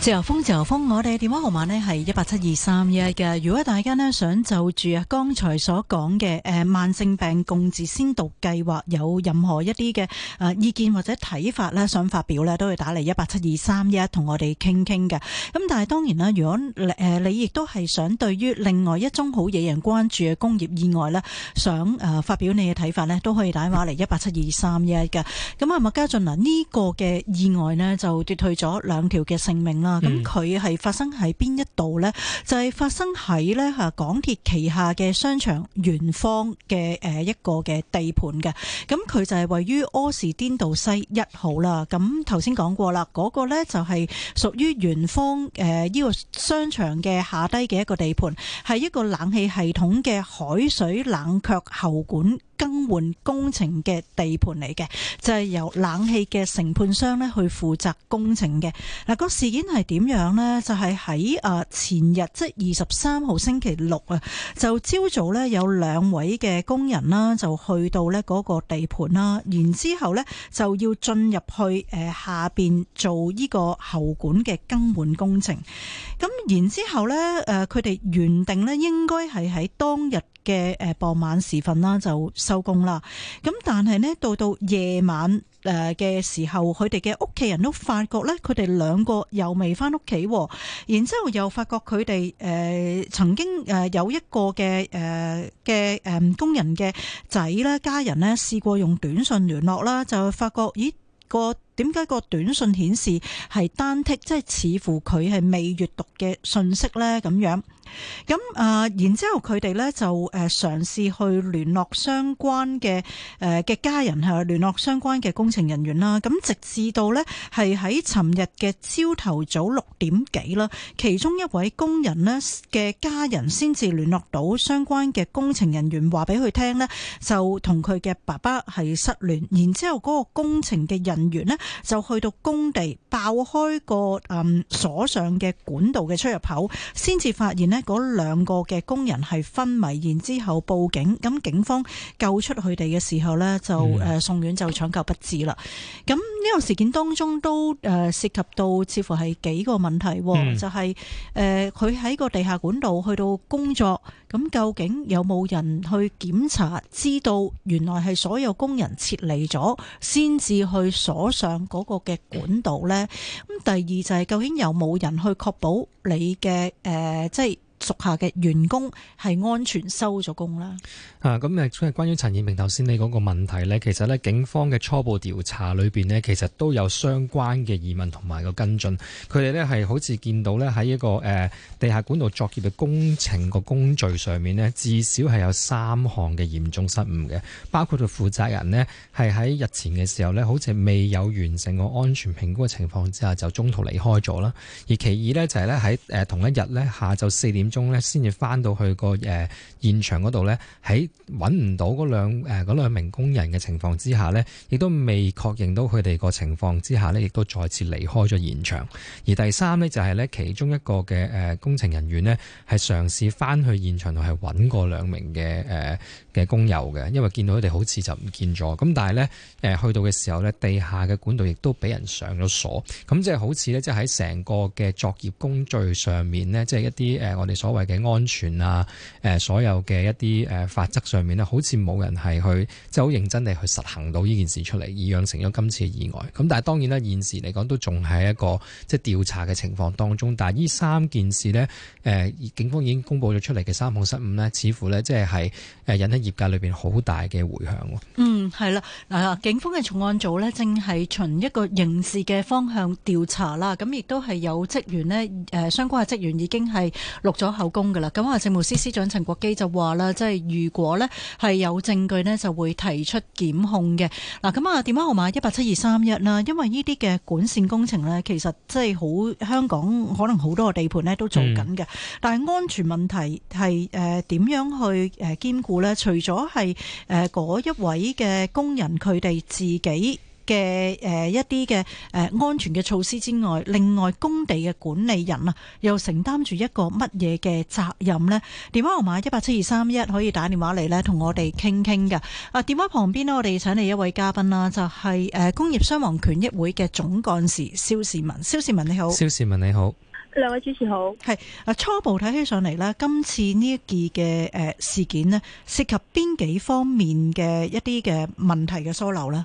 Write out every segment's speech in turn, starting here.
自由風，自由風，我哋嘅電話號碼呢係一八七二三一嘅。如果大家呢想就住剛才所講嘅誒慢性病共治先導計劃有任何一啲嘅誒意見或者睇法呢，想發表呢，都可以打嚟一八七二三一同我哋傾傾嘅。咁但係當然啦，如果誒你亦都係想對於另外一宗好惹人關注嘅工業意外呢，想誒發表你嘅睇法呢，都可以打電話嚟一八七二三一嘅。咁啊，麥家俊嗱呢個嘅意外呢，就奪去咗兩條嘅性命啦。啊！咁佢係發生喺邊一度咧？就係、是、發生喺咧吓，港鐵旗下嘅商場圓方嘅誒一個嘅地盤嘅。咁佢就係位於柯士甸道西一號啦。咁頭先講過啦，嗰、那個咧就係屬於圓方誒呢個商場嘅下低嘅一個地盤，係一個冷氣系統嘅海水冷卻喉管更換工程嘅地盤嚟嘅，就係、是、由冷氣嘅承判商咧去負責工程嘅。嗱、那，個事件係。係點樣咧？就係喺誒前日，即係二十三號星期六啊，就朝早咧有兩位嘅工人啦，就去到咧嗰個地盤啦，然之後咧就要進入去誒下邊做呢個喉管嘅更換工程。咁然之後咧誒，佢哋原定咧應該係喺當日嘅誒傍晚時分啦就收工啦。咁但係咧到到夜晚誒嘅時候，佢哋嘅屋企人都發覺咧，佢哋兩個又沒有未。嚟翻屋企，然之後又發覺佢哋誒曾經誒、呃、有一個嘅誒嘅誒工人嘅仔咧，家人呢試過用短信聯絡啦，就發覺咦個點解個短信顯示係單剔，即係似乎佢係未閱讀嘅信息咧咁樣。咁啊，然之後佢哋咧就誒嘗試去聯絡相關嘅誒嘅家人吓，聯絡相關嘅工程人員啦。咁直至到咧係喺尋日嘅朝頭早六點幾啦，其中一位工人咧嘅家人先至聯絡到相關嘅工程人員，話俾佢聽咧，就同佢嘅爸爸係失聯。然之後嗰個工程嘅人員咧就去到工地爆開個嗯鎖上嘅管道嘅出入口，先至發現咧。嗰兩個嘅工人係昏迷，然之後報警，咁警方救出佢哋嘅時候呢，就誒送院就搶救不治啦。咁呢個事件當中都誒涉及到似乎係幾個問題，嗯、就係誒佢喺個地下管道去到工作，咁究竟有冇人去檢查知道原來係所有工人撤離咗，先至去鎖上嗰個嘅管道呢？咁第二就係、是、究竟有冇人去確保你嘅誒、呃、即係？屬下嘅員工係安全收咗工啦。啊，咁誒，即係關於陳燕明頭先你嗰個問題呢，其實呢警方嘅初步調查裏面呢，其實都有相關嘅疑問同埋個跟進。佢哋呢係好似見到呢，喺一個、呃、地下管道作業嘅工程個工序上面呢，至少係有三項嘅嚴重失誤嘅，包括佢負責人呢，係喺日前嘅時候呢，好似未有完成個安全評估嘅情況之下就中途離開咗啦。而其二呢，就係、是、呢，喺、呃、同一日呢，下晝四點，中咧，先至翻到去個誒現場嗰度咧，喺揾唔到嗰兩誒兩名工人嘅情況之下咧，亦都未確認到佢哋個情況之下咧，亦都再次離開咗現場。而第三咧就係、是、咧其中一個嘅誒工程人員咧，係嘗試翻去現場度係揾過兩名嘅誒。嗯嘅工友嘅，因為見到佢哋好似就唔見咗，咁但係咧，誒去到嘅時候咧，地下嘅管道亦都俾人上咗鎖，咁即係好似咧，即係喺成個嘅作業工序上面咧，即係一啲誒我哋所謂嘅安全啊，誒所有嘅一啲誒法則上面咧，好似冇人係去即係好認真地去實行到呢件事出嚟，而養成咗今次嘅意外。咁但係當然啦，現時嚟講都仲係一個即係調查嘅情況當中。但係呢三件事咧，誒警方已經公布咗出嚟嘅三項失誤咧，似乎咧即係係誒引業界裏邊好大嘅回響，嗯，係啦，嗱，警方嘅重案組呢，正係循一個刑事嘅方向調查啦，咁亦都係有職員呢，誒，相關嘅職員已經係錄咗口供噶啦。咁啊，政務司司長陳國基就話啦，即係如果呢係有證據呢，就會提出檢控嘅。嗱，咁啊，電話號碼一八七二三一啦，1, 因為呢啲嘅管綫工程呢，其實即係好香港可能好多個地盤呢都做緊嘅，嗯、但係安全問題係誒點樣去誒兼顧呢？除咗係誒嗰一位嘅工人，佢哋自己嘅誒、呃、一啲嘅誒安全嘅措施之外，另外工地嘅管理人啊，又承擔住一個乜嘢嘅責任呢？電話號碼一八七二三一，可以打電話嚟咧，同我哋傾傾㗎。啊，電話旁邊呢，我哋請嚟一位嘉賓啦，就係、是、誒、呃、工業傷亡權益會嘅總幹事蕭倩文。蕭倩文你好，蕭倩文你好。兩位主持好，係啊，初步睇起上嚟咧，今次呢一件嘅誒事件呢，涉及邊幾方面嘅一啲嘅問題嘅疏漏呢？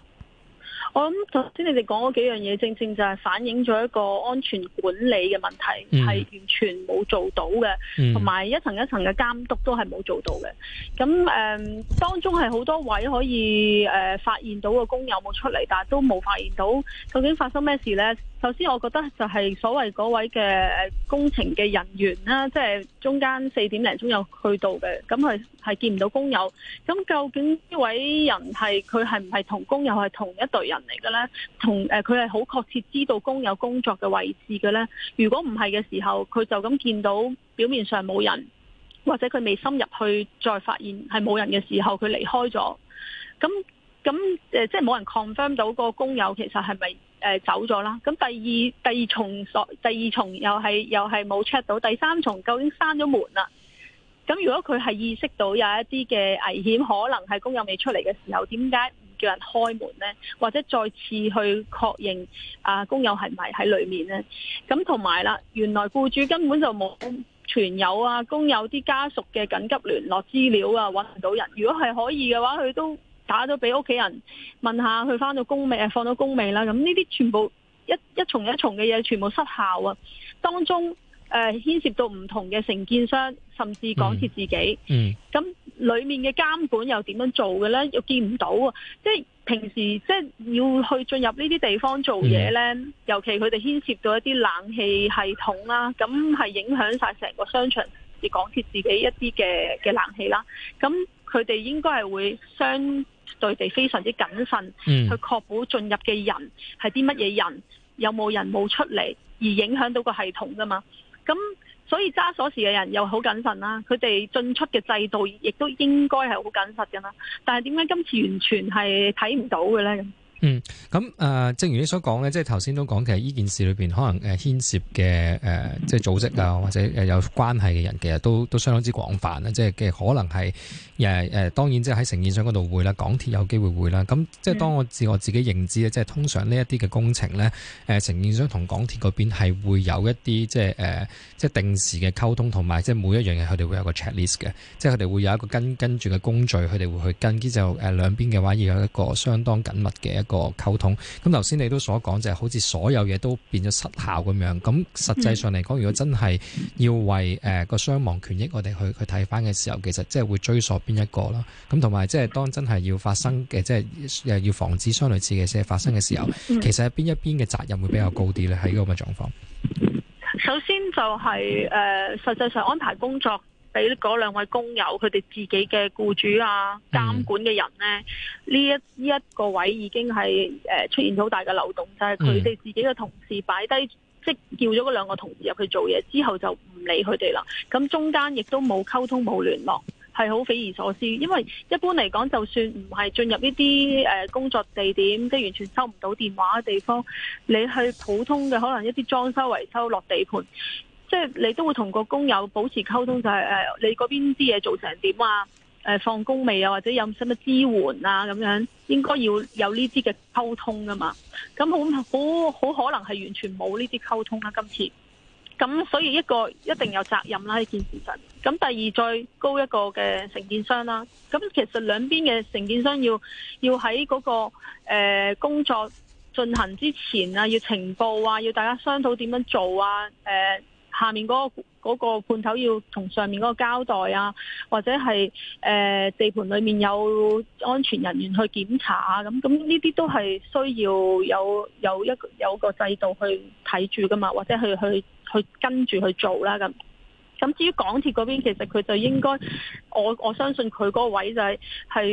我諗頭先你哋講嗰幾樣嘢，正正就係反映咗一個安全管理嘅問題，係、嗯、完全冇做到嘅，同埋、嗯、一層一層嘅監督都係冇做到嘅。咁誒、嗯，當中係好多位可以誒、呃、發現到個工友冇出嚟，但係都冇發現到究竟發生咩事呢？首先，我覺得就係所謂嗰位嘅工程嘅人員啦，即係中間四點零鐘有去到嘅，咁佢係見唔到工友。咁究竟呢位人係佢係唔係同工友係同一隊人嚟嘅咧？同誒佢係好確切知道工友工作嘅位置嘅咧？如果唔係嘅時候，佢就咁見到表面上冇人，或者佢未深入去再發現係冇人嘅時候，佢離開咗。咁咁誒，即係冇人 confirm 到個工友其實係咪？誒，走咗啦。咁第二第二重所，第二重又係又係冇 check 到。第三重究竟閂咗門啦？咁如果佢係意識到有一啲嘅危險，可能係工友未出嚟嘅時候，點解唔叫人開門呢？或者再次去確認啊，工友係咪喺裏面呢？咁同埋啦，原來雇主根本就冇存有，有啊，工友啲家屬嘅緊急聯絡資料啊，搵唔到人。如果係可以嘅話，佢都。打咗俾屋企人問下，佢返到工未？放咗工未啦？咁呢啲全部一一重一重嘅嘢，全部失效啊！當中誒牽、呃、涉到唔同嘅承建商，甚至港鐵自己。嗯。咁、嗯、裏面嘅監管又點樣做嘅呢？又見唔到啊！即係平時即係要去進入呢啲地方做嘢呢，嗯、尤其佢哋牽涉到一啲冷氣系統啦、啊，咁係影響晒成個商場，而港鐵自己一啲嘅嘅冷氣啦。咁佢哋應該係會相。對地非常之謹慎，嗯、去確保進入嘅人係啲乜嘢人，有冇人冇出嚟而影響到個系統噶嘛？咁所以揸鎖匙嘅人又好謹慎啦，佢哋進出嘅制度亦都應該係好謹慎噶啦。但係點解今次完全係睇唔到嘅咧？嗯，咁誒、呃，正如你所講咧，即係頭先都講，其實呢件事裏面可能誒牽涉嘅、呃、即係組織啊，或者誒有關係嘅人，其實都都相當之廣泛啦。即係嘅可能係誒、呃呃、當然即係喺承建商嗰度會啦，港鐵有機會會啦。咁即係當我自我自己認知即係通常呢一啲嘅工程咧，誒、呃、承建商同港鐵嗰邊係會有一啲即係、呃、即係定時嘅溝通，同埋即係每一樣嘢佢哋會有個 checklist 嘅，即係佢哋會有一個跟跟住嘅工序，佢哋會去跟。跟住誒兩邊嘅話，要有一個相當緊密嘅一個個溝通，咁頭先你都所講就係、是，好似所有嘢都變咗失效咁樣，咁實際上嚟講，如果真係要為誒個傷亡權益，我哋去去睇翻嘅時候，其實即係會追索邊一個啦。咁同埋即係當真係要發生嘅，即係又要防止相類似嘅事發生嘅時候，嗯、其實係邊一邊嘅責任會比較高啲呢？喺呢個咁嘅狀況，首先就係、是、誒實際上安排工作。俾嗰兩位工友，佢哋自己嘅僱主啊，監管嘅人呢、嗯、呢一呢一個位已經係、呃、出現好大嘅漏洞，就係佢哋自己嘅同事擺低，即叫咗嗰兩個同事入去做嘢之後就唔理佢哋啦。咁中間亦都冇溝通，冇聯絡，係好匪夷所思。因為一般嚟講，就算唔係進入一啲、呃、工作地點，即係完全收唔到電話嘅地方，你去普通嘅可能一啲裝修維修落地盤。即係你都會同個工友保持溝通，就係誒，你嗰邊啲嘢做成點啊？誒，放工未啊？或者有使乜支援啊？咁樣應該要有呢啲嘅溝通噶嘛。咁好好好可能係完全冇呢啲溝通啦。今次咁，那所以一個一定有責任啦，呢件事實。咁第二再高一個嘅承建商啦。咁其實兩邊嘅承建商要要喺嗰、那個誒、呃、工作進行之前啊，要情報啊，要大家商討點樣做啊，誒、呃。下面嗰個嗰個判頭要同上面嗰個交代啊，或者係誒地盤裏面有安全人員去檢查啊，咁咁呢啲都係需要有有一個有一個制度去睇住噶嘛，或者去去去跟住去做啦咁。咁至於港鐵嗰邊，其實佢就應該，我我相信佢嗰個位就係係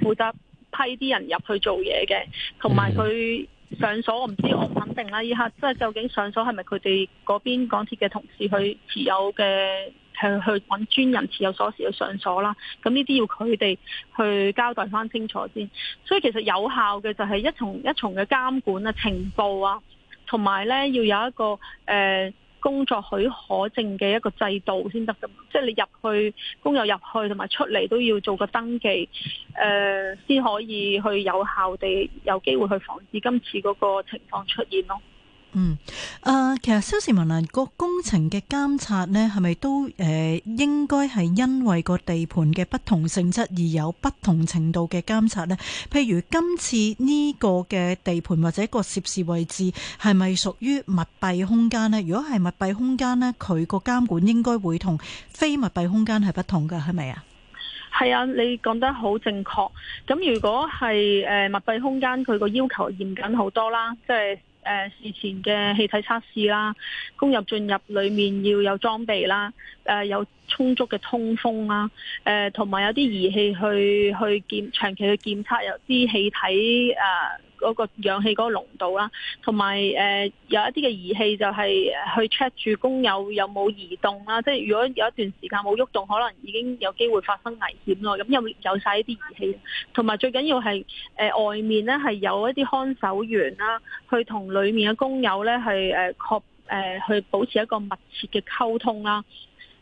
負責批啲人入去做嘢嘅，同埋佢。上鎖我唔知，我唔肯定啦。以下即係究竟上鎖係咪佢哋嗰邊港鐵嘅同事去持有嘅，去揾專人持有鎖匙去上鎖啦。咁呢啲要佢哋去交代翻清楚先。所以其實有效嘅就係一重一重嘅監管啊、情報啊，同埋呢要有一個誒、呃工作許可證嘅一個制度先得噶嘛，即係你入去工友入去同埋出嚟都要做個登記，誒、呃、先可以去有效地有機會去防止今次嗰個情況出現咯。嗯，誒、呃，其實蕭倩文，嗰個工程嘅監察呢，係咪都誒、呃、應該係因為個地盤嘅不同性質而有不同程度嘅監察呢？譬如今次呢個嘅地盤或者個涉事位置係咪屬於密閉空間呢？如果係密閉空間呢，佢個監管應該會同非密閉空間係不同嘅，係咪啊？係啊，你講得好正確。咁如果係誒密閉空間，佢個要求嚴謹好多啦，即係。誒事前嘅氣體測試啦，工入進入裏面要有裝備啦。誒，有充足嘅通風啦、啊，誒，同埋有啲儀器去去檢長期去檢測有啲氣體誒，嗰個氧氣嗰個濃度啦、啊，同埋誒有一啲嘅儀器就係去 check 住工友有冇移動啦、啊，即係如果有一段時間冇喐動，可能已經有機會發生危險咯。咁有有晒一啲儀器，同埋最緊要係誒、呃、外面呢，係有一啲看守員啦、啊，去同裏面嘅工友咧係誒確誒去保持一個密切嘅溝通啦、啊。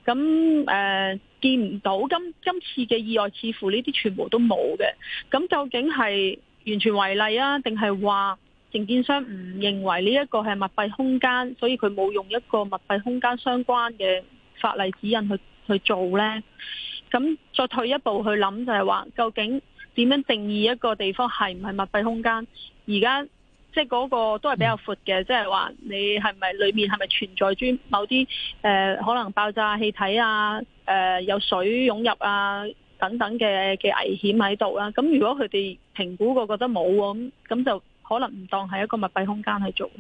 咁誒、呃、見唔到今今次嘅意外，似乎呢啲全部都冇嘅。咁究竟係完全違例啊，定係話承建商唔認為呢一個係密閉空間，所以佢冇用一個密閉空間相關嘅法例指引去去做呢？咁再退一步去諗，就係話究竟點樣定義一個地方係唔係密閉空間？而家。即係嗰個都係比較闊嘅，即係話你係咪裡面係咪存在住某啲誒、呃、可能爆炸氣體啊、誒、呃、有水湧入啊等等嘅嘅危險喺度啊？咁如果佢哋評估過覺得冇喎，咁咁就可能唔當係一個密閉空間去做。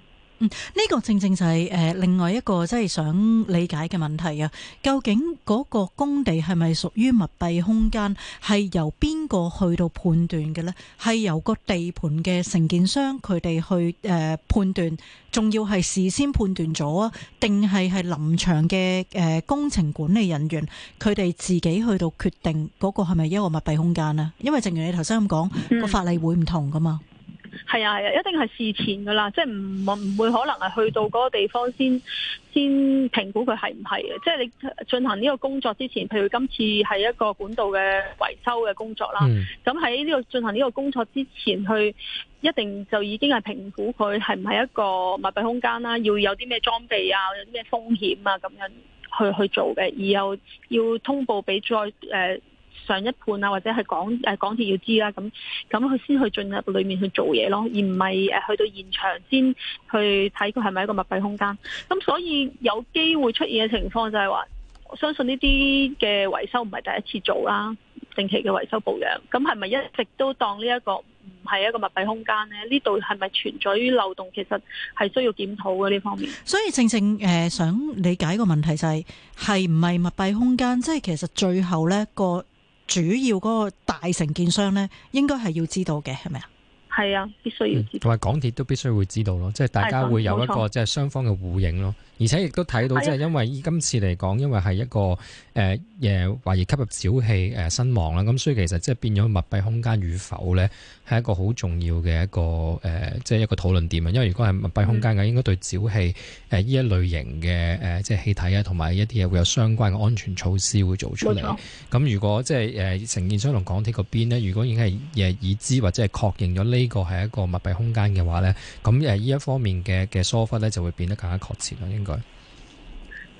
呢、嗯呢個正正就係、係、誒、呃、另外一個即係想理解嘅問題啊。究竟嗰個工地係咪屬於密閉空間？係由邊個去到判斷嘅呢？係由個地盤嘅承建商佢哋去誒、呃、判斷，仲要係事先判斷咗啊？定係係臨場嘅誒、呃、工程管理人員佢哋自己去到決定嗰個係咪一個密閉空間咧？因為正如你頭先咁講，個、嗯、法例會唔同㗎嘛。係啊，係啊，一定係事前噶啦，即係唔唔會可能係去到嗰個地方先先評估佢係唔係嘅，即係你進行呢個工作之前，譬如今次係一個管道嘅維修嘅工作啦，咁喺呢個進行呢個工作之前，佢一定就已經係評估佢係唔係一個密閉空間啦，要有啲咩裝備啊，有啲咩風險啊，咁樣去去做嘅，而又要通報俾再誒。呃上一判啊，或者係港誒港鐵要知啦，咁咁佢先去進入裏面去做嘢咯，而唔係誒去到現場先去睇佢係咪一個密閉空間。咁所以有機會出現嘅情況就係話，我相信呢啲嘅維修唔係第一次做啦，定期嘅維修保養，咁係咪一直都當呢一個唔係一個密閉空間呢？呢度係咪存在於漏洞？其實係需要檢討嘅呢方面。所以正正誒、呃、想理解個問題就係係唔係密閉空間？即係其實最後呢個。主要嗰個大承建商咧，應該係要知道嘅，係咪啊？係啊，必須要知道。同埋，嗯，港鐵都必須會知道咯，即係大家會有一個即係雙方嘅互應咯。錯而且亦都睇到，即係的因為今次嚟講，因為係一個誒誒，呃、懷疑吸入沼氣誒身亡啦。咁所以其實即係變咗密閉空間與否咧係一個好重要嘅一個誒，即、呃、係、就是、一個討論點啊。因為如果係密閉空間嘅，嗯、應該對沼氣誒呢一類型嘅誒、呃、即係氣體啊，同埋一啲嘢會有相關嘅安全措施會做出嚟。咁錯如果即係誒承建商同港鐵嗰邊咧，如果已經係已知或者係確認咗呢個係一個密閉空間嘅話咧，咁誒呢一方面嘅嘅疏忽咧就會變得更加確切啦。應該。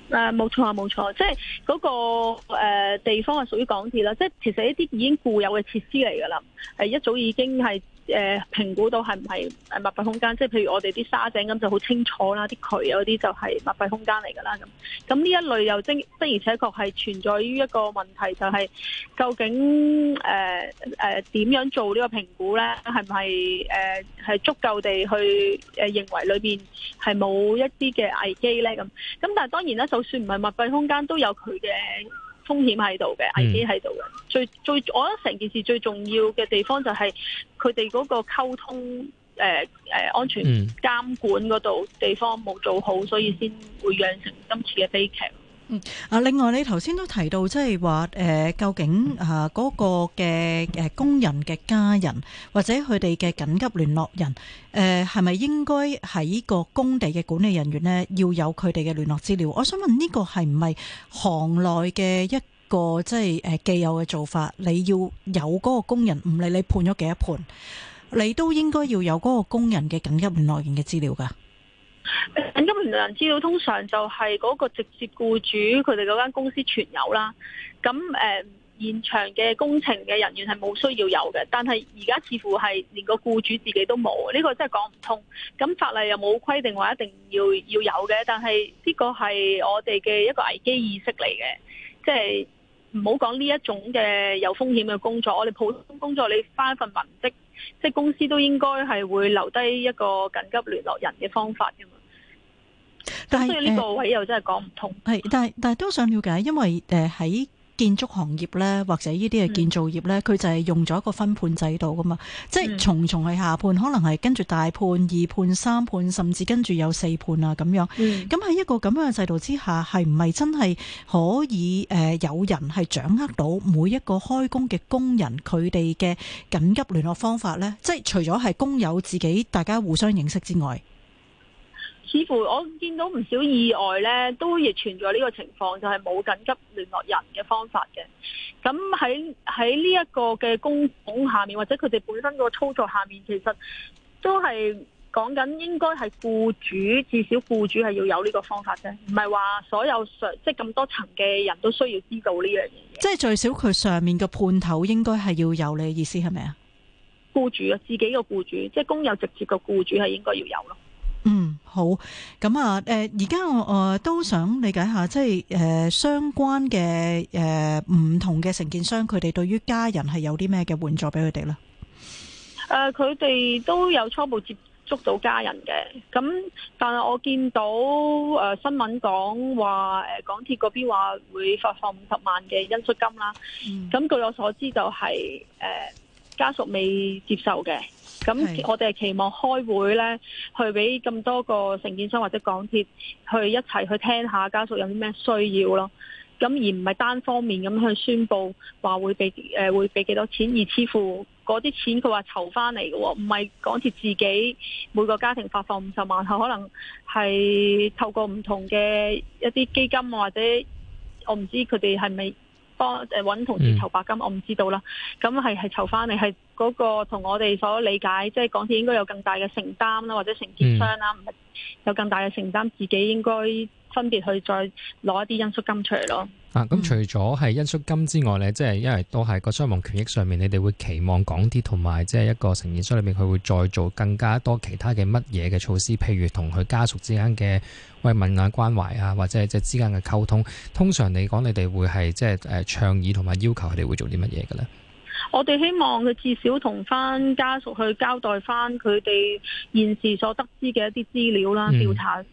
誒，冇錯啊，冇錯，即係嗰個誒地方係屬於港鐵啦，即係其實一啲已經固有嘅設施嚟噶啦，誒一早已經係。誒、呃、評估到係唔係誒密閉空間，即係譬如我哋啲沙井咁就好清楚啦，啲渠啊嗰啲就係密閉空間嚟㗎啦咁。咁呢一類又即的而且確係存在於一個問題，就係、是、究竟誒誒點樣做呢個評估咧？係唔係誒係足夠地去認為裏面係冇一啲嘅危機咧？咁咁但係當然啦，就算唔係密閉空間，都有佢嘅。風險喺度嘅，危機喺度嘅，最最，我覺得成件事最重要嘅地方就係佢哋嗰個溝通，誒、呃、誒、呃，安全監管嗰度地方冇做好，所以先會釀成今次嘅悲劇。嗯，啊，另外你頭先都提到，即係話，誒，究竟啊，嗰個嘅誒工人嘅家人或者佢哋嘅緊急聯絡人，誒，係咪應該喺個工地嘅管理人員呢，要有佢哋嘅聯絡資料？我想問呢個係唔係行內嘅一個即係誒既有嘅做法？你要有嗰個工人，唔理你判咗幾多判，你都應該要有嗰個工人嘅緊急聯絡人嘅資料噶。緊急聯絡資料通常就係嗰個直接僱主佢哋嗰間公司全有啦，咁誒、呃、現場嘅工程嘅人員係冇需要有嘅，但係而家似乎係連個僱主自己都冇，呢、這個真係講唔通。咁法例又冇規定話一定要要有嘅，但係呢個係我哋嘅一個危機意識嚟嘅，即係唔好講呢一種嘅有風險嘅工作，我哋普通工作你返一份文職。即係公司都應該係會留低一個緊急聯絡人嘅方法噶嘛，但係、呃，但係，所以呢個位又真係講唔通。係，但係但係都想了解，因為誒喺。呃在建築行業呢，或者呢啲嘅建造業呢，佢、嗯、就係用咗一個分判制度噶嘛，即係重重係下判，嗯、可能係跟住大判二判三判，甚至跟住有四判啊咁樣。咁喺、嗯、一個咁樣嘅制度之下，係唔係真係可以誒、呃、有人係掌握到每一個開工嘅工人佢哋嘅緊急聯絡方法呢？即係除咗係工友自己，大家互相認識之外。似乎我見到唔少意外呢，都亦存在呢個情況，就係冇緊急聯絡人嘅方法嘅。咁喺喺呢一個嘅工廠下面，或者佢哋本身個操作下面，其實都係講緊應該係僱主，至少僱主係要有呢個方法啫，唔係話所有上即咁多層嘅人都需要知道呢樣嘢。即係最少佢上面嘅判頭應該係要有。你意思係咪啊？僱主啊，自己個僱主，即係工友直接個僱主係應該要有咯。嗯，好。咁啊，誒、呃，而家我我、呃、都想理解一下，即係誒、呃，相關嘅誒，唔、呃、同嘅承建商，佢哋對於家人係有啲咩嘅援助俾佢哋咧？誒、呃，佢哋都有初步接觸到家人嘅，咁但係我見到誒、呃、新聞講話，誒、呃、港鐵嗰邊話會發放五十萬嘅恩恤金啦。咁、嗯、據我所知、就是，就係誒家屬未接受嘅。咁我哋係期望開會咧，去俾咁多個承建商或者港鐵去一齊去聽下家屬有啲咩需要咯。咁而唔係單方面咁去宣佈話會俾誒會俾幾多錢，而似乎嗰啲錢佢話籌翻嚟嘅喎，唔係港鐵自己每個家庭發放五十萬，可能係透過唔同嘅一啲基金或者我唔知佢哋係咪。幫誒揾同事籌白金，我唔知道啦。咁係係籌翻嚟，係嗰個同我哋所理解，即係港鐵應該有更大嘅承擔啦，或者承建商啦，唔係、嗯、有更大嘅承擔，自己應該。分別去再攞一啲恩恤金出嚟咯。啊，咁、嗯、除咗係恩恤金之外咧，即係因為都係個傷亡權益上面，你哋會期望講啲同埋，即係一個承認書裏面佢會再做更加多其他嘅乜嘢嘅措施，譬如同佢家屬之間嘅慰問啊、關懷啊，或者係即係之間嘅溝通。通常你講你哋會係即係誒倡議同埋要求佢哋會做啲乜嘢嘅咧？我哋希望佢至少同翻家屬去交代翻佢哋現時所得知嘅一啲資料啦、調查、嗯。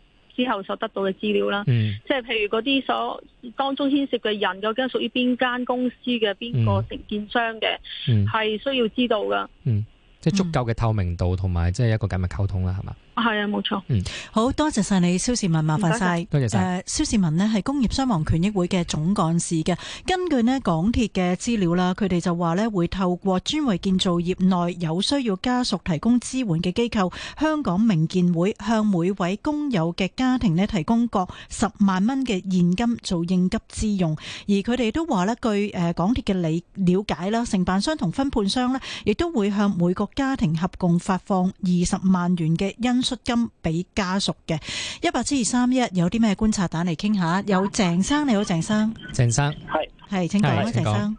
之後所得到嘅資料啦，嗯，即係譬如嗰啲所當中牽涉嘅人究竟屬於邊間公司嘅邊個承建商嘅，係、嗯、需要知道噶。嗯，即係足夠嘅透明度同埋即係一個緊密溝通啦，係嘛？係啊，冇錯。錯，嗯，好多謝晒你，蕭倩文，麻煩晒，多謝晒謝。誒，蕭倩文咧係工業傷亡權益會嘅總幹事嘅。根據咧港鐵嘅資料啦，佢哋就話咧會透過專為建造業內有需要家屬提供支援嘅機構香港明建會，向每位工友嘅家庭咧提供各十萬蚊嘅現金做應急之用。而佢哋都話咧，據誒港鐵嘅理了解啦，承辦商同分判商咧亦都會向每個家庭合共發放二十萬元嘅恩。出金俾家屬嘅一八七二三一，2, 3, 1, 有啲咩觀察蛋嚟傾下？有鄭生你好，鄭生。鄭生係係是，請講啦，鄭生。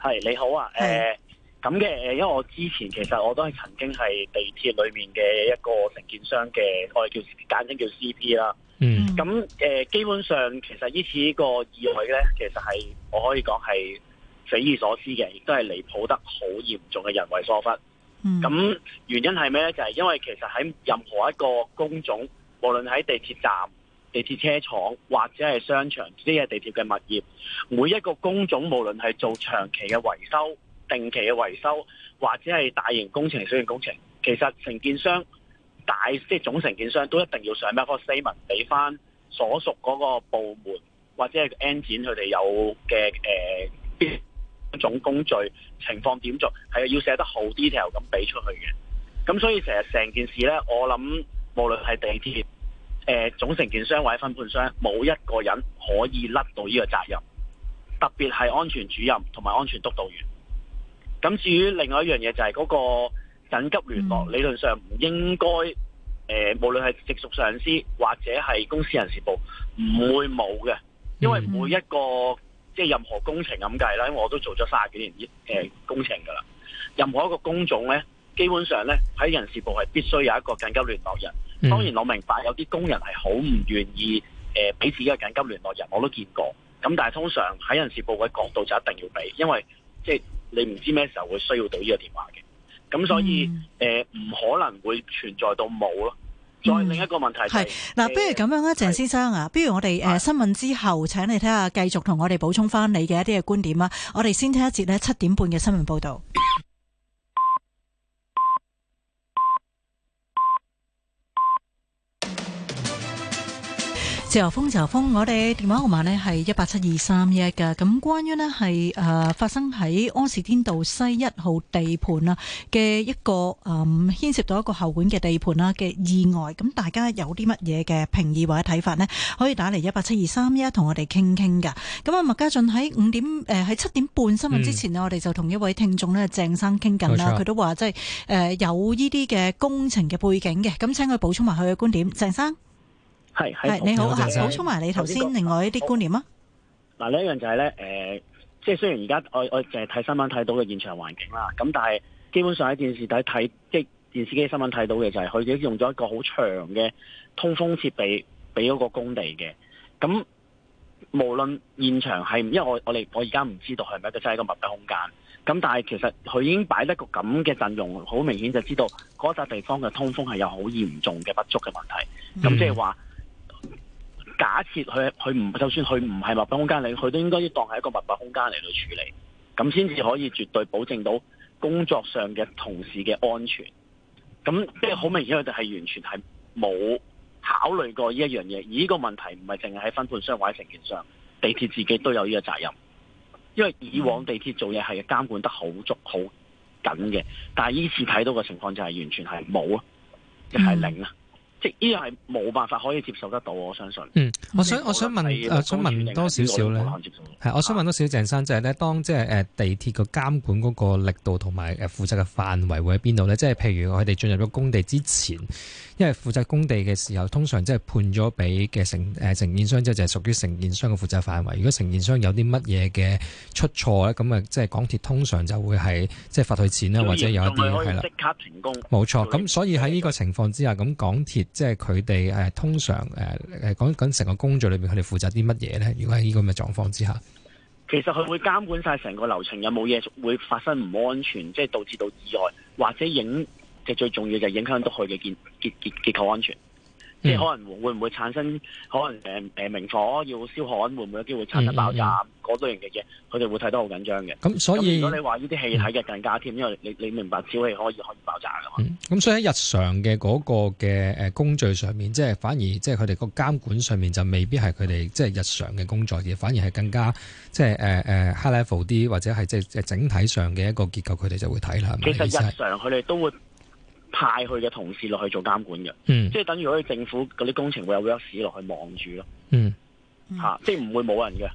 係你好啊，誒是，咁嘅、呃，因為我之前其實我都係曾經係地鐵裏面嘅一個承建商嘅，我哋叫簡稱叫 CP 啦。嗯，咁誒、呃，基本上其實這議會呢次呢個意外咧，其實係我可以講係匪夷所思嘅，亦都係離譜得好嚴重嘅人為疏忽。咁原因係咩咧？就係、是、因為其實喺任何一個工種，無論喺地鐵站、地鐵車廠或者係商場、即係地鐵嘅物業，每一個工種無論係做長期嘅維修、定期嘅維修，或者係大型工程、小型工程，其實承建商大即係、就是、總承建商都一定要上 m 個 c 文 s e 俾翻所屬嗰個部門或者係 End 佢哋有嘅誒。呃一種工序情況點做係要寫得好 detail 咁俾出去嘅，咁所以成日成件事呢，我諗無論係地鐵誒、呃、總承建商或者分判商，冇一個人可以甩到呢個責任，特別係安全主任同埋安全督導員。咁至於另外一樣嘢就係嗰個緊急聯絡，嗯、理論上唔應該誒、呃，無論係直屬上司或者係公司人事部，唔會冇嘅，因為每一個。即係任何工程咁計啦，因為我都做咗卅幾年啲誒、呃、工程噶啦。任何一個工種咧，基本上咧喺人事部係必須有一個緊急聯絡人。當然我明白有啲工人係好唔願意誒俾、呃、自己嘅緊急聯絡人，我都見過。咁但係通常喺人事部嘅角度就一定要俾，因為即係你唔知咩時候會需要到呢個電話嘅。咁所以誒唔、呃、可能會存在到冇咯。再另一個問題係、就、嗱、是，不如咁樣啊，比如樣欸、鄭先生啊，不是如我哋誒、呃、新聞之後請你睇下，繼續同我哋補充翻你嘅一啲嘅觀點啦。我哋先聽一節咧七點半嘅新聞報導。自由風，自由風，我哋電話號碼呢係一八七二三一嘅。咁關於呢係誒發生喺柯士甸道西一號地盤啦嘅一個誒牽、嗯、涉到一個喉管嘅地盤啦嘅意外，咁大家有啲乜嘢嘅評議或者睇法呢？可以打嚟一八七二三一同我哋傾傾噶。咁啊，麥家俊喺五點誒喺七點半新聞之前呢，嗯、我哋就同一位聽眾呢鄭生傾緊啦。佢錯都話即係誒有呢啲嘅工程嘅背景嘅。咁請佢補充埋佢嘅觀點，鄭生。係係，你好，補充埋你頭先另外一啲觀念啊。嗱、嗯，呢一樣就係、是、咧、誒、呃，即係雖然而家我我淨係睇新聞睇到嘅現場環境啦，咁但係基本上喺電視睇睇即電視機新聞睇到嘅就係佢已經用咗一個好長嘅通風設備俾嗰個工地嘅。咁無論現場係，因為我我哋我而家唔知道係咪一個真係一個密閉空間，咁但係其實佢已經擺得個咁嘅陣容，好明顯就知道嗰笪地方嘅通風係有好嚴重嘅不足嘅問題。咁即係話。嗯假設佢佢唔，就算佢唔係密閉空間，你佢都應該要當係一個密閉空間嚟到處理，咁先至可以絕對保證到工作上嘅同事嘅安全。咁即係好明顯，佢哋係完全係冇考慮過呢一樣嘢。而呢個問題唔係淨係喺分判商或者承建商，地鐵自己都有呢個責任。因為以往地鐵做嘢係監管得好足好緊嘅，但係依次睇到嘅情況就係完全係冇啊，即係零啊！嗯即呢樣係冇辦法可以接受得到，我相信。嗯，我想我想問，我想問多少少咧？係，我想問多少鄭生，就係咧，當即係地鐵個監管嗰個力度同埋誒負責嘅範圍會喺邊度咧？即係譬如我佢哋進入咗工地之前。因為負責工地嘅時候，通常即係判咗俾嘅承誒承建商，即係就係屬於承建商嘅負責範圍。如果承建商有啲乜嘢嘅出錯咧，咁啊即係港鐵通常就會係即係罰退錢啦，以或者有一啲係啦。即刻停工。冇錯，咁所以喺呢個情況之下，咁港鐵即係佢哋誒通常誒誒、呃、講緊成個工序裏邊，佢哋負責啲乜嘢咧？如果喺呢個咁嘅狀況之下，其實佢會監管晒成個流程有冇嘢會發生唔安全，即、就、係、是、導致到意外或者影。即最重要就影響到佢嘅建建建結構安全，即係、嗯、可能會唔會產生可能誒誒明火要燒焊，會唔會有機會產生爆炸嗰、嗯嗯、類型嘅嘢？佢哋會睇得好緊張嘅。咁、嗯、所以如果你話呢啲氣體嘅更加添，因為你你明白沼氣可以可以爆炸噶嘛。咁、嗯嗯、所以喺日常嘅嗰個嘅誒工序上面，即、就、係、是、反而即係佢哋個監管上面就未必係佢哋即係日常嘅工作嘅，反而係更加即係、就、誒、是、誒、uh, uh, high level 啲，或者係即係整體上嘅一個結構，佢哋就會睇啦。其實日常佢哋都會派佢嘅同事落去做監管嘅，嗯、即係等於可以政府嗰啲工程會有 watch 落去望住咯，嗯，吓、啊，即係唔會冇人嘅，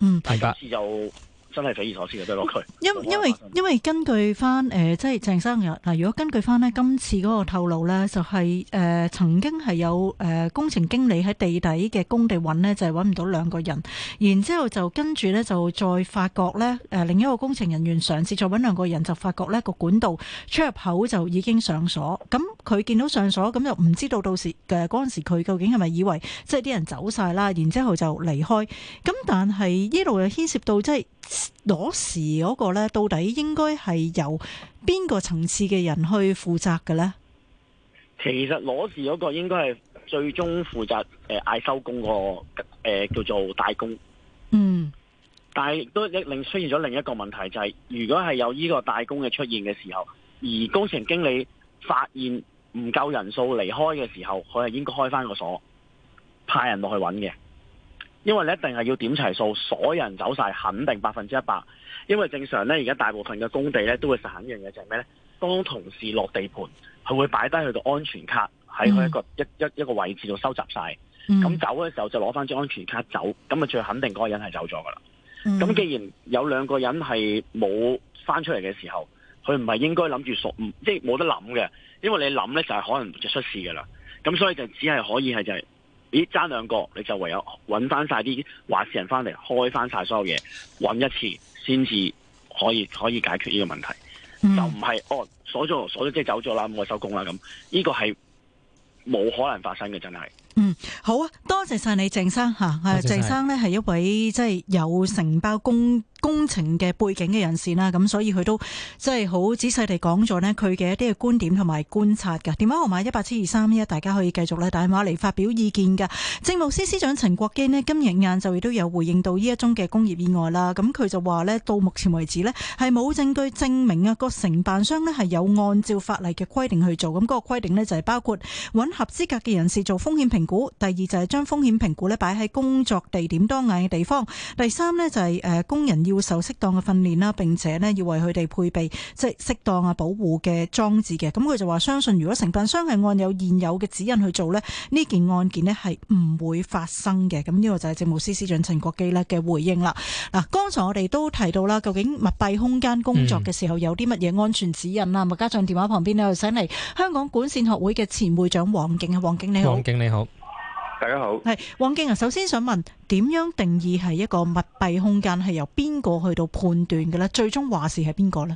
嗯，但係今次就。真係匪夷所思嘅，真係攞佢。因因為因為根據翻、呃、即係鄭生日。嗱，如果根據翻呢今次嗰個透露咧，就係、是、誒、呃、曾經係有誒、呃、工程經理喺地底嘅工地揾呢，就係揾唔到兩個人。然之後就跟住咧就再發覺咧、呃、另一個工程人員嘗試再揾兩個人，就發覺呢、這個管道出入口就已經上鎖。咁佢見到上鎖，咁就唔知道到時嗰時時佢究竟係咪以為即係啲人走晒啦？然之後就離開。咁但係呢度又牽涉到即係。攞匙嗰個呢，到底應該係由邊個層次嘅人去負責嘅呢？其實攞匙嗰個應該係最終負責誒、嗌、呃、收工個、呃、叫做大工。嗯，但係亦都令出現咗另一個問題，就係、是、如果係有呢個大工嘅出現嘅時候，而工程經理發現唔夠人數離開嘅時候，佢係應該開翻個鎖，派人落去揾嘅。因為你一定係要點齊數，所有人走晒肯定百分之一百。因為正常咧，而家大部分嘅工地咧都會實行一樣嘢，就係咩咧？當同事落地盤，佢會擺低佢個安全卡喺佢一個一一一個位置度收集晒。咁、嗯、走嘅時候就攞翻張安全卡走，咁啊最肯定嗰個人係走咗噶啦。咁、嗯、既然有兩個人係冇翻出嚟嘅時候，佢唔係應該諗住熟，即係冇得諗嘅，因為你諗咧就係可能就出事噶啦。咁所以就只係可以係就係、是。咦，爭兩個你就唯有揾翻晒啲話事人翻嚟，開翻晒所有嘢，揾一次先至可以可以解決呢個問題，就唔係哦鎖咗鎖咗即係走咗啦，咁我收工啦咁，呢個係冇可能發生嘅，真係。嗯，好啊，多謝晒你鄭生吓，誒，鄭、啊、生咧係一位即係有承包工。嗯工程嘅背景嘅人士啦，咁所以佢都即係好仔細地講咗呢，佢嘅一啲嘅觀點同埋觀察嘅。電話號碼一八七二三一，大家可以繼續咧打電話嚟發表意見嘅。政務司司長陳國基咧今日晏晝亦都有回應到呢一宗嘅工業意外啦。咁佢就話咧，到目前為止咧係冇證據證明啊個承辦商咧係有按照法例嘅規定去做。咁嗰個規定咧就係包括揾合資格嘅人士做風險評估，第二就係將風險評估咧擺喺工作地點當眼嘅地方，第三咧就係誒工人。要受適當嘅訓練啦，並且咧要為佢哋配備即係適當啊保護嘅裝置嘅。咁佢就話相信，如果承辦商係按有現有嘅指引去做呢，呢件案件呢係唔會發生嘅。咁、這、呢個就係政務司司長陳國基咧嘅回應啦。嗱，剛才我哋都提到啦，究竟密閉空間工作嘅時候有啲乜嘢安全指引啊？麥家俊電話旁邊呢，就請嚟香港管線學會嘅前會長黃敬啊，黃敬你好。大家好，係黃敬啊。首先想問，點樣定義係一個密閉空間？係由邊個去到判斷嘅咧？最終話事係邊個咧？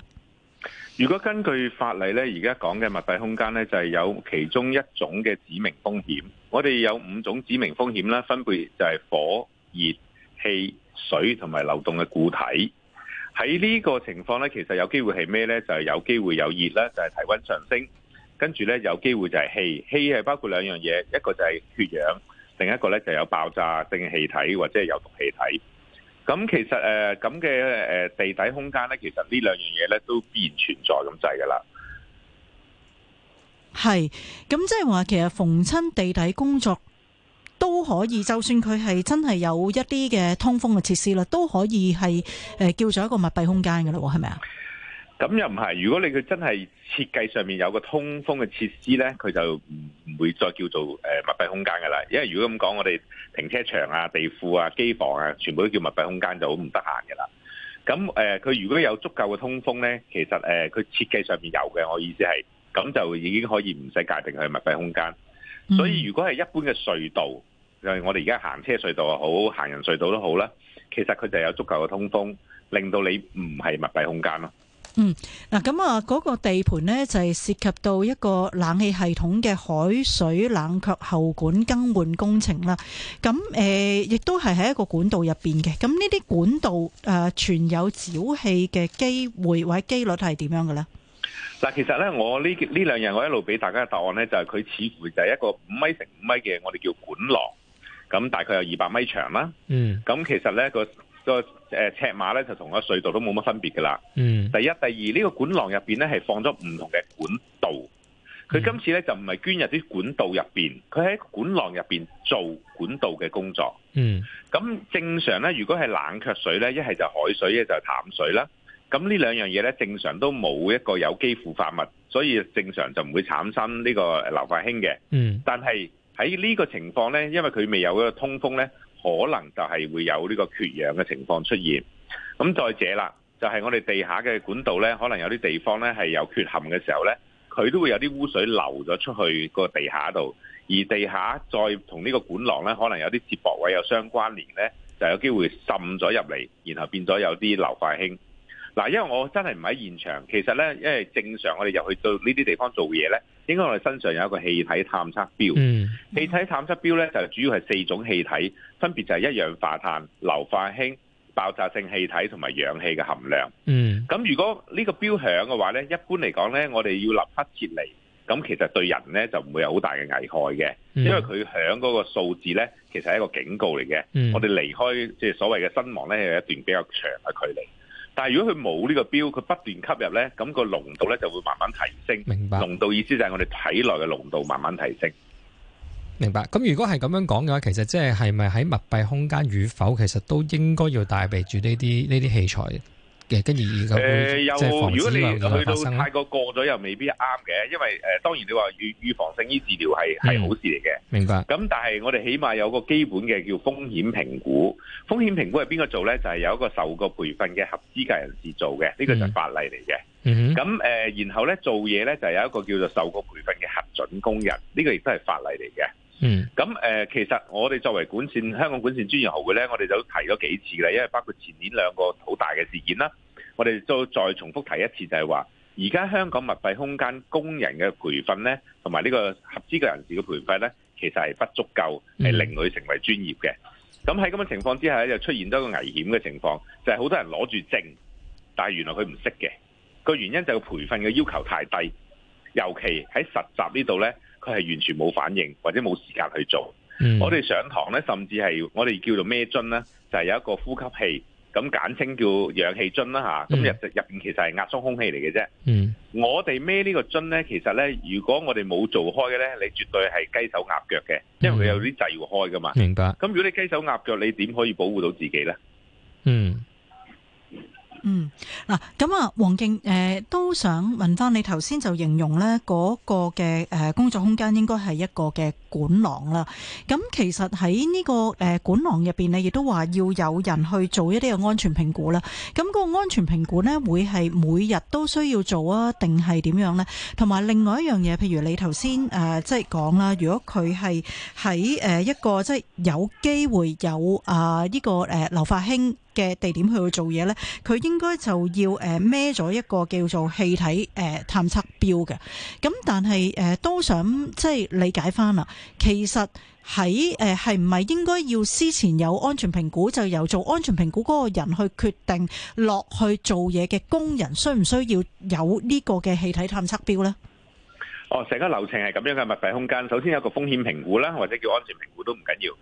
如果根據法例咧，而家講嘅密閉空間咧，就係、是、有其中一種嘅指明風險。我哋有五種指明風險啦，分別就係火、熱、氣、水同埋流動嘅固體。喺呢個情況咧，其實有機會係咩咧？就係、是、有機會有熱咧，就係、是、體溫上升，跟住咧有機會就係氣。氣係包括兩樣嘢，一個就係血氧。另一個呢就有爆炸性氣體或者係有毒氣體，咁其實誒咁嘅誒地底空間呢，其實這兩呢兩樣嘢呢都必然存在咁滯噶啦。係，咁即係話其實逢親地底工作都可以，就算佢係真係有一啲嘅通風嘅設施啦，都可以係誒、呃、叫做一個密閉空間噶啦，係咪啊？咁又唔係，如果你佢真係設計上面有個通風嘅設施呢，佢就唔唔會再叫做誒密閉空間㗎啦。因為如果咁講，我哋停車場啊、地庫啊、機房啊，全部都叫密閉空間就好唔得閒㗎啦。咁佢、呃、如果有足夠嘅通風呢，其實佢、呃、設計上面有嘅，我意思係咁就已經可以唔使界定佢密閉空間。嗯、所以如果係一般嘅隧道，就係、我哋而家行車隧道又好，行人隧道都好啦，其實佢就有足夠嘅通風，令到你唔係密閉空間咯。嗯，嗱咁啊，嗰個地盤呢就係涉及到一個冷氣系統嘅海水冷卻喉管更換工程啦。咁誒，亦都係喺一個管道入邊嘅。咁呢啲管道誒，存有沼氣嘅機會或者機率係點樣嘅呢？嗱，其實呢，我呢呢兩日我一路俾大家嘅答案呢，就係佢似乎就係一個五米乘五米嘅，我哋叫管廊。咁大概有二百米長啦。嗯。咁其實呢個。個誒、呃、尺碼咧就同個隧道都冇乜分別噶啦。嗯、第一、第二，呢個管廊入面咧係放咗唔同嘅管道。佢今次咧就唔係捐入啲管道入面，佢喺管廊入面做管道嘅工作。咁、嗯、正常咧，如果係冷卻水咧，一係就海水，一就淡水啦。咁呢兩樣嘢咧，正常都冇一個有機腐化物，所以正常就唔會產生呢個硫化氫嘅。嗯、但係喺呢個情況咧，因為佢未有一個通風咧。可能就係會有呢個缺氧嘅情況出現，咁再者啦，就係、是、我哋地下嘅管道呢，可能有啲地方呢係有缺陷嘅時候呢，佢都會有啲污水流咗出去個地下度，而地下再同呢個管廊呢，可能有啲接駁位有相關連呢，就有機會滲咗入嚟，然後變咗有啲硫化氫。嗱，因為我真係唔喺現場，其實咧，因為正常我哋入去到呢啲地方做嘢咧，應該我哋身上有一個氣體探測錶，嗯、氣體探測錶咧就主要係四種氣體，分別就係一氧化碳、硫化氫、爆炸性氣體同埋氧氣嘅含量。嗯、咁如果呢個錶響嘅話咧，一般嚟講咧，我哋要立刻撤離，咁其實對人咧就唔會有好大嘅危害嘅。嗯、因為佢響嗰個數字咧，其實係一個警告嚟嘅。嗯、我哋離開即係、就是、所謂嘅身亡咧，有一段比較長嘅距離。但係如果佢冇呢個標，佢不斷吸入呢，咁個濃度呢就會慢慢提升。明白。濃度意思就係我哋體內嘅濃度慢慢提升。明白。咁如果係咁樣講嘅話，其實即係係咪喺密閉空間與否，其實都應該要帶備住呢啲呢啲器材。跟又、呃、如果你去到太過過咗，又未必啱嘅，因為誒、呃、當然你話預預防性醫治療係係好事嚟嘅，明白。咁但係我哋起碼有一個基本嘅叫風險評估，風險評估係邊個做咧？就係、是、有一個受過培訓嘅合資格人士做嘅，呢、嗯、個就係法例嚟嘅。咁誒、嗯呃，然後咧做嘢咧就有一個叫做受過培訓嘅核准工人，呢、這個亦都係法例嚟嘅。咁誒、嗯呃，其實我哋作為管線香港管線專業協會嘅咧，我哋就提咗幾次啦，因為包括前年兩個好大嘅事件啦。我哋都再重複提一次就，就係話，而家香港密閉空間工人嘅培訓咧，同埋呢個合資格人士嘅培訓咧，其實係不足夠，係令佢成為專業嘅。咁喺咁嘅情況之下咧，就出現咗一個危險嘅情況，就係、是、好多人攞住證，但係原來佢唔識嘅個原因就係培訓嘅要求太低，尤其喺實習呢度咧，佢係完全冇反應或者冇時間去做。Mm. 我哋上堂咧，甚至係我哋叫做孭樽咧，就係、是、有一個呼吸器。咁簡稱叫氧氣樽啦吓，咁入入入邊其實係壓縮空氣嚟嘅啫。嗯，我哋孭呢個樽咧，其實咧，如果我哋冇做開嘅咧，你絕對係雞手鴨腳嘅，因為佢有啲掣要開噶嘛。明白。咁如果你雞手鴨腳，你點可以保護到自己咧？嗯。嗯，嗱，咁啊，黃敬，誒、呃，都想問翻你頭先就形容咧嗰個嘅誒工作空間應該係一個嘅管廊啦。咁其實喺呢個誒管廊入邊咧，亦都話要有人去做一啲嘅安全評估啦。咁個安全評估咧，會係每日都需要做啊，定係點樣咧？同埋另外一樣嘢，譬如你頭先誒即係講啦，如果佢係喺誒一個即係有機會有啊呢、呃這個誒硫、呃、化氫。嘅地點去去做嘢咧，佢應該就要誒孭咗一個叫做氣體誒探測標嘅。咁但係誒都想即係理解翻啦，其實喺誒係唔係應該要之前有安全評估，就由做安全評估嗰個人去決定落去做嘢嘅工人需唔需要有呢個嘅氣體探測標咧？哦，成個流程係咁樣嘅密閉空間，首先有一個風險評估啦，或者叫安全評估都唔緊要。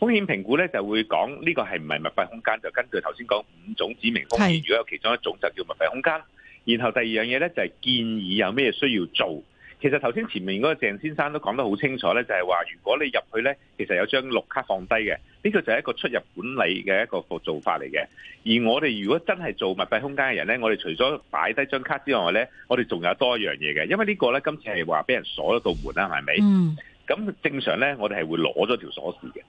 風險評估咧就會講呢個係唔係密閉空間，就根據頭先講五種指明風險，是如果有其中一種就叫密閉空間。然後第二樣嘢咧就係建議有咩需要做。其實頭先前面嗰個鄭先生都講得好清楚咧，就係話如果你入去咧，其實有張綠卡放低嘅，呢個就係一個出入管理嘅一個做法嚟嘅。而我哋如果真係做密閉空間嘅人咧，我哋除咗擺低張卡之外咧，我哋仲有多一樣嘢嘅，因為呢個咧今次係話俾人鎖咗個門啦，係咪？嗯。咁正常咧，我哋係會攞咗條鎖匙嘅。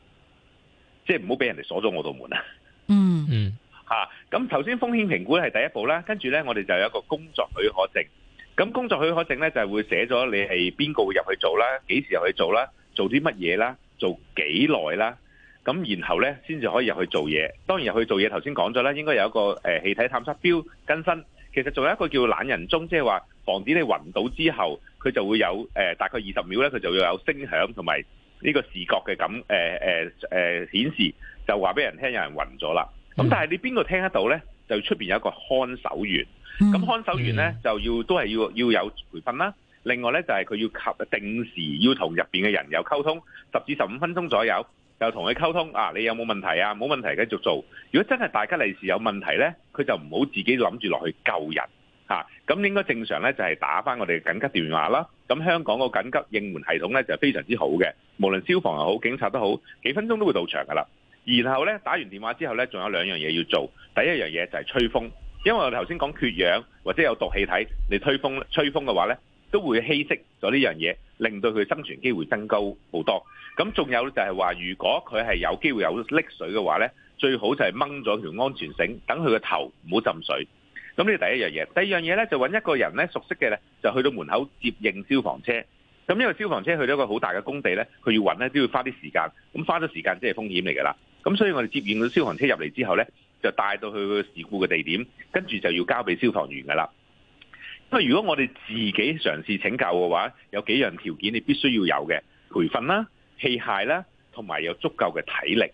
即係唔好俾人哋鎖咗我道門。嗯嗯、啊！嗯嗯，咁頭先風險評估咧係第一步啦，跟住呢，我哋就有一個工作許可證。咁工作許可證呢，就係、是、會寫咗你係邊個會入去做啦，幾時入去做啦，做啲乜嘢啦，做幾耐啦。咁然後呢，先至可以入去做嘢。當然入去做嘢頭先講咗啦，應該有一個誒、呃、氣體探測錶更新。其實仲有一個叫懶人鐘，即係話防止你暈倒之後，佢就會有、呃、大概二十秒呢，佢就會有聲響同埋。呢個視覺嘅感誒誒誒顯示就話俾人聽，有人暈咗啦。咁但係你邊個聽得到呢？就出邊有一個看守員。咁看守員呢，就要都係要要有培訓啦。另外呢，就係、是、佢要及定時要同入邊嘅人有溝通，十至十五分鐘左右就同佢溝通啊！你有冇問題啊？冇問題繼續做。如果真係大吉利是有問題呢，佢就唔好自己諗住落去救人嚇。咁、啊、應該正常呢，就係、是、打翻我哋緊急電話啦。咁香港個緊急應援系統呢，就非常之好嘅。無論消防又好，警察都好，幾分鐘都會到場㗎啦。然後咧，打完電話之後咧，仲有兩樣嘢要做。第一樣嘢就係吹風，因為我哋頭先講缺氧或者有毒氣體，你吹風咧，吹風嘅話咧，都會稀釋咗呢樣嘢，令到佢生存機會增高好多。咁仲有就係話，如果佢係有機會有溺水嘅話咧，最好就係掹咗條安全繩，等佢個頭唔好浸水。咁呢第一樣嘢，第二樣嘢咧就揾一個人咧熟悉嘅咧，就去到門口接應消防車。咁因為消防車去到一個好大嘅工地呢，佢要揾呢都要花啲時間，咁花咗時間即係風險嚟㗎啦。咁所以我哋接應到消防車入嚟之後呢，就帶到去個事故嘅地點，跟住就要交俾消防員㗎啦。因為如果我哋自己嘗試拯救嘅話，有幾樣條件你必須要有嘅培訓啦、器械啦，同埋有，有足夠嘅體力。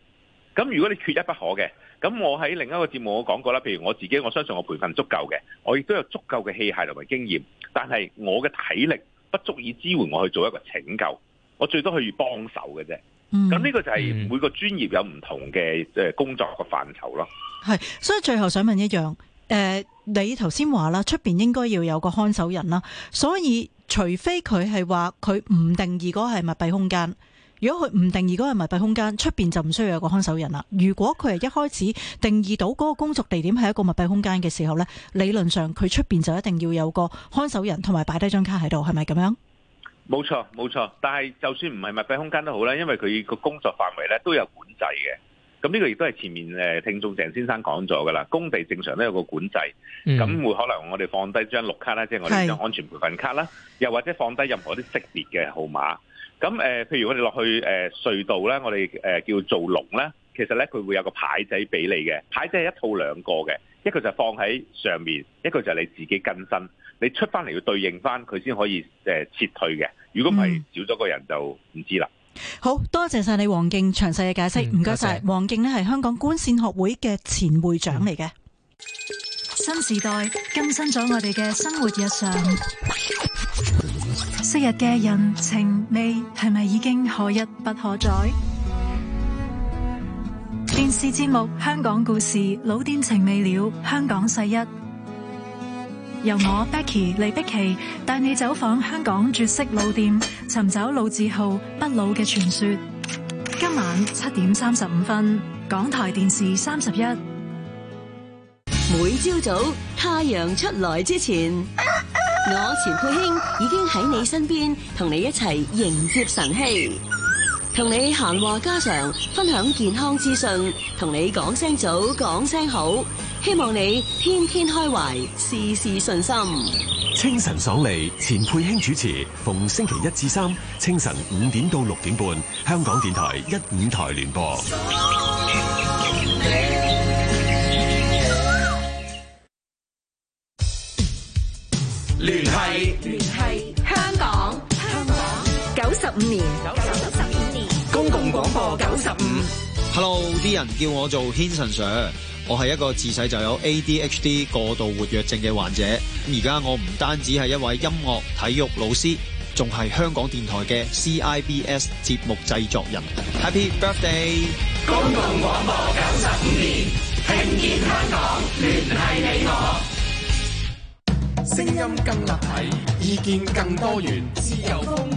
咁如果你缺一不可嘅，咁我喺另一個節目我講過啦，譬如我自己我相信我培訓足夠嘅，我亦都有足夠嘅器械同埋經驗，但係我嘅體力。足以支援我去做一個拯救，我最多可以幫手嘅啫。咁呢、嗯、個就係每個專業有唔同嘅即工作嘅範疇咯。係，所以最後想問一樣，誒、呃，你頭先話啦，出邊應該要有個看守人啦，所以除非佢係話，佢唔定義嗰係密閉空間。如果佢唔定義嗰個密閉空間，出邊就唔需要有個看守人啦。如果佢係一開始定義到嗰個工作地點係一個密閉空間嘅時候呢，理論上佢出邊就一定要有個看守人和卡在裡，同埋擺低張卡喺度，係咪咁樣？冇錯，冇錯。但係就算唔係密閉空間都好咧，因為佢個工作範圍咧都有管制嘅。咁呢個亦都係前面誒聽眾鄭先生講咗噶啦。工地正常都有個管制，咁、嗯、會可能我哋放低張綠卡啦，即、就、係、是、我哋張安全培訓卡啦，是又或者放低任何啲識別嘅號碼。咁、呃、譬如我哋落去、呃、隧道咧，我哋、呃、叫做龍咧，其實咧佢會有個牌仔俾你嘅，牌仔係一套兩個嘅，一個就放喺上面，一個就你自己更新，你出翻嚟要對應翻佢先可以誒、呃、撤退嘅，如果唔係少咗個人就唔知啦。嗯、好多謝晒你黃敬詳細嘅解釋，唔該晒，黃敬呢係香港管線學會嘅前會長嚟嘅。嗯、新時代更新咗我哋嘅生活日常。昔日嘅人情味，係咪已經可一不可再？電視節目《香港故事》老店情未了，香港世一，由我 Becky 李碧琪帶你走訪香港絕色老店，尋找老字號不老嘅傳說。今晚七點三十五分，港台電視三十一，每朝早太陽出來之前。啊啊我錢佩卿已經喺你身邊，同你一齊迎接晨曦，同你閒話家常，分享健康資訊，同你講聲早，講聲好，希望你天天開懷，事事順心。清晨爽利，錢佩卿主持，逢星期一至三，清晨五點到六點半，香港電台一五台聯播。 五年九十五年，公共廣播九十五。Hello，啲人叫我做 Hanson Sir，我係一個自細就有 ADHD 過度活躍症嘅患者。咁而家我唔單止係一位音樂體育老師，仲係香港電台嘅 CIBS 節目製作人。Happy birthday！公共廣播九十五年，聽見香港，聯繫你我，聲音更立體，意見更多元，自由風。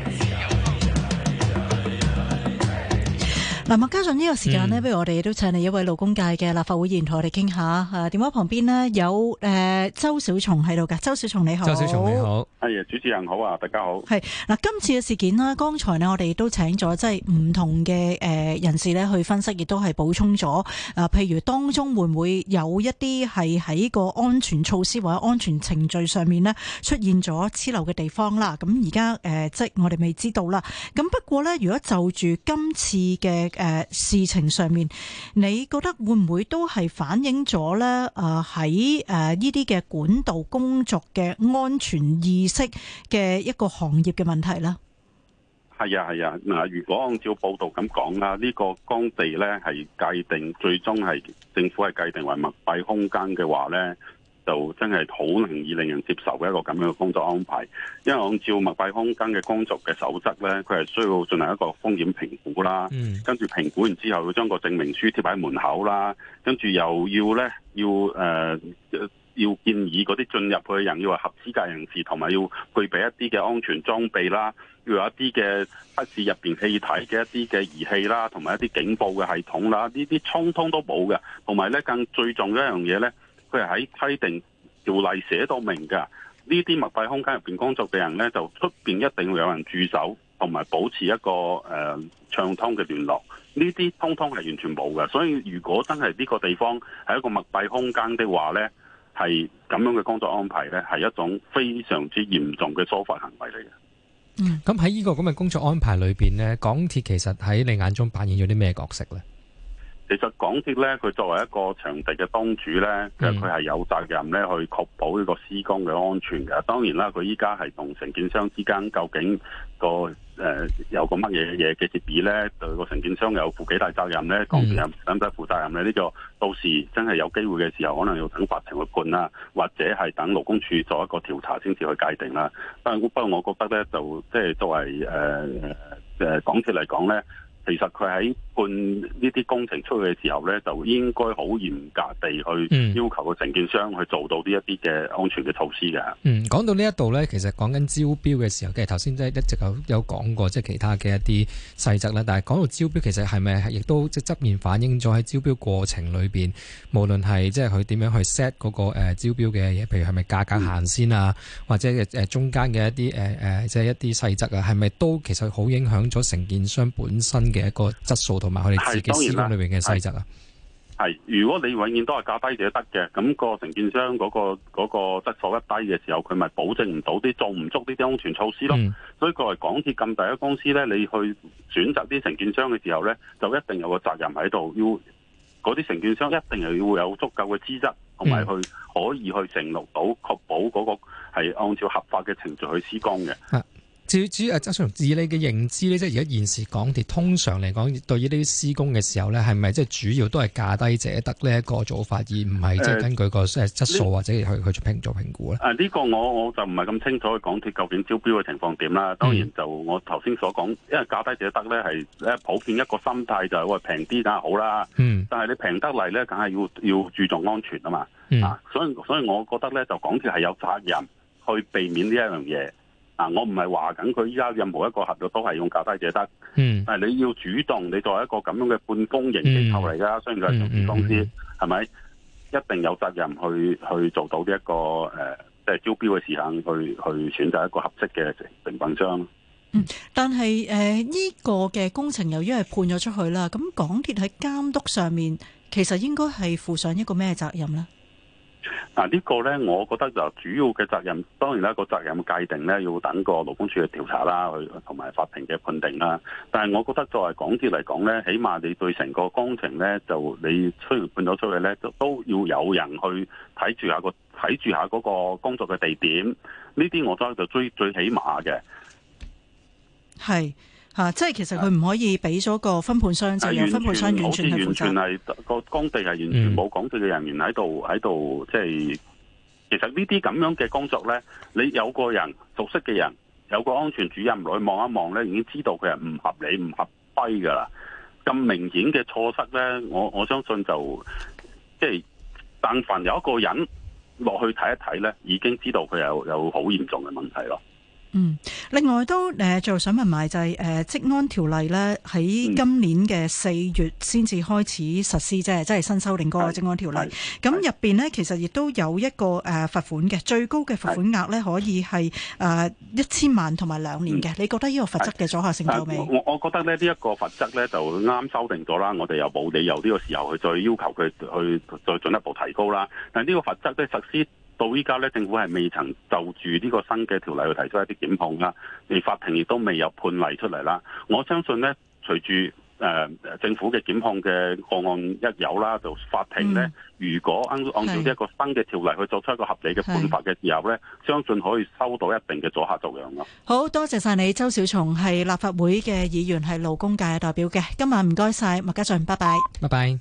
嗱，麥嘉俊呢個時間呢不如我哋都請嚟一位勞工界嘅立法會議員同我哋傾下。啊，電話旁邊呢，有誒周小松喺度㗎。周小松你好，周小松你好，係啊，主持人好啊，大家好。係嗱，今次嘅事件啦，剛才呢，我哋都請咗即係唔同嘅誒人士呢去分析，亦都係補充咗啊。譬如當中會唔會有一啲係喺個安全措施或者安全程序上面呢出現咗黐漏嘅地方啦？咁而家誒即係我哋未知道啦。咁不過呢，如果就住今次嘅誒，事情上面你覺得會唔會都係反映咗呢，誒，喺誒呢啲嘅管道工作嘅安全意識嘅一個行業嘅問題啦？係啊係啊，嗱，如果按照報道咁講啦，呢，這個工地咧係界定最終係政府係界定為密閉空間嘅話咧。就真係好難以令人接受嘅一個咁樣嘅工作安排，因為按照密閉空間嘅工作嘅守則咧，佢係需要進行一個風險評估啦。嗯，跟住評估完之後，要將個證明書貼喺門口啦，跟住又要咧要誒、呃、要建議嗰啲進入去嘅人要合資格人士，同埋要具備一啲嘅安全裝備啦，要有一啲嘅測試入邊氣體嘅一啲嘅儀器啦，同埋一啲警報嘅系統啦，呢啲通通都冇嘅，同埋咧更最重要一樣嘢咧。佢係喺規定條例寫到明噶，呢啲密閉空間入邊工作嘅人呢，就出邊一定會有人駐守，同埋保持一個誒暢通嘅聯絡。呢啲通通係完全冇嘅。所以如果真係呢個地方係一個密閉空間的話呢，係咁樣嘅工作安排呢，係一種非常之嚴重嘅疏忽行為嚟嘅。嗯，咁喺呢個咁嘅工作安排裏邊呢，港鐵其實喺你眼中扮演咗啲咩角色呢？其實港鐵咧，佢作為一個場地嘅當主咧，其實佢係有責任咧去確保呢個施工嘅安全嘅。當然啦，佢依家係同承建商之間究竟個誒、呃、有個乜嘢嘢嘅協議咧，對個承建商有負幾大責任咧，港鐵有唔使負責任咧？呢、這個到時真係有機會嘅時候，可能要等法庭去判啦，或者係等勞工處做一個調查先至去界定啦。不過不過，我覺得咧，就即係作為誒誒港鐵嚟講咧。其實佢喺判呢啲工程出去嘅時候咧，就應該好嚴格地去要求個承建商去做到呢一啲嘅安全嘅措施嘅。嗯，講到這呢一度咧，其實講緊招標嘅時候，其實頭先即係一直有有講過，即係其他嘅一啲細則啦。但係講到招標，其實係咪亦都即係側面反映咗喺招標過程裏邊，無論係即係佢點樣去 set 嗰個誒招標嘅嘢，譬如係咪價格限先啊，嗯、或者誒中間嘅一啲誒誒即係一啲細則啊，係咪都其實好影響咗承建商本身。嘅一個質素同埋佢哋自己施工裏面嘅細則啊，係如果你永遠都係價低者得嘅，咁個承建商嗰個嗰個質素一低嘅時候，佢咪保證唔到啲做唔足啲啲安全措施咯。嗯，所以作為港鐵咁大一公司咧，你去選擇啲承建商嘅時候咧，就一定有一個責任喺度，要嗰啲承建商一定係要有足夠嘅資質，同埋去可以去承諾到確保嗰個係按照合法嘅程序去施工嘅。啊至於至於啊，周生，以你嘅認知咧，即係而家現時港鐵，通常嚟講，對於呢啲施工嘅時候咧，係咪即係主要都係價低者得呢一個做法，而唔係即係根據個質質素或者去去做評做評估咧？啊、哎，呢、哎呢個我我就唔係咁清楚港鐵究竟招標嘅情況點啦。當然就我頭先所講，因為價低者得咧，係普遍一個心態就係話平啲梗係好啦。嗯。但係你平得嚟咧，梗係要要注重安全啊嘛。嗯、啊，所以所以，我覺得咧，就港鐵係有責任去避免呢一樣嘢。嗱、啊，我唔係話緊佢依家任何一個合作都係用較低者得，嗯、但係你要主動，你作為一個咁樣嘅半公營機構嚟噶，嗯、雖然佢係上市公司，係咪、嗯嗯嗯、一定有責任去去做到呢、這、一個誒，即、呃、係招標嘅時間去去選擇一個合適嘅承辦商。嗯，但係誒呢個嘅工程由於係判咗出去啦，咁港鐵喺監督上面其實應該係負上一個咩責任咧？嗱，呢個呢，我覺得就主要嘅責任，當然啦，個責任界定呢，要等個勞工處嘅調查啦，同埋法庭嘅判定啦。但係我覺得作為港鐵嚟講呢，起碼你對成個工程呢，就你出判咗出去呢，都都要有人去睇住下個睇住下個工作嘅地點，呢啲我覺得係最起碼嘅，係。吓、啊，即係其實佢唔可以俾咗個分判商就用分判商完全去負責。完全係個工地係完全冇港鐵嘅人員喺度喺度，即係其實呢啲咁樣嘅工作咧，你有個人熟悉嘅人，有個安全主任落去望一望咧，已經知道佢係唔合理唔合規噶啦。咁明顯嘅錯失咧，我我相信就即係但凡有一個人落去睇一睇咧，已經知道佢有有好嚴重嘅問題咯。嗯，另外都誒，最後就想問埋就係誒，職、呃、安條例咧喺今年嘅四月先至開始實施啫，嗯、即係新修訂過嘅職安條例。咁入邊咧，面呢是其實亦都有一個誒罰、呃、款嘅，最高嘅罰款額咧可以係誒一千萬同埋兩年嘅。嗯、你覺得呢個罰則嘅阻嚇性夠未？我我覺得咧呢一、這個罰則咧就啱修訂咗啦，我哋又冇理由呢個時候去再要求佢去再進一步提高啦。但係呢個罰則都實施。到依家咧，政府係未曾就住呢個新嘅條例去提出一啲檢控㗎，而法庭亦都未有判例出嚟啦。我相信咧，隨住誒、呃、政府嘅檢控嘅個案一有啦，就法庭咧，如果按照呢一個新嘅條例去作出一個合理嘅判罰嘅時候咧，相信可以收到一定嘅阻嚇作用㗎。好多謝晒你，周小松係立法會嘅議員，係勞工界嘅代表嘅。今晚唔該晒，麥家俊，拜拜。拜拜。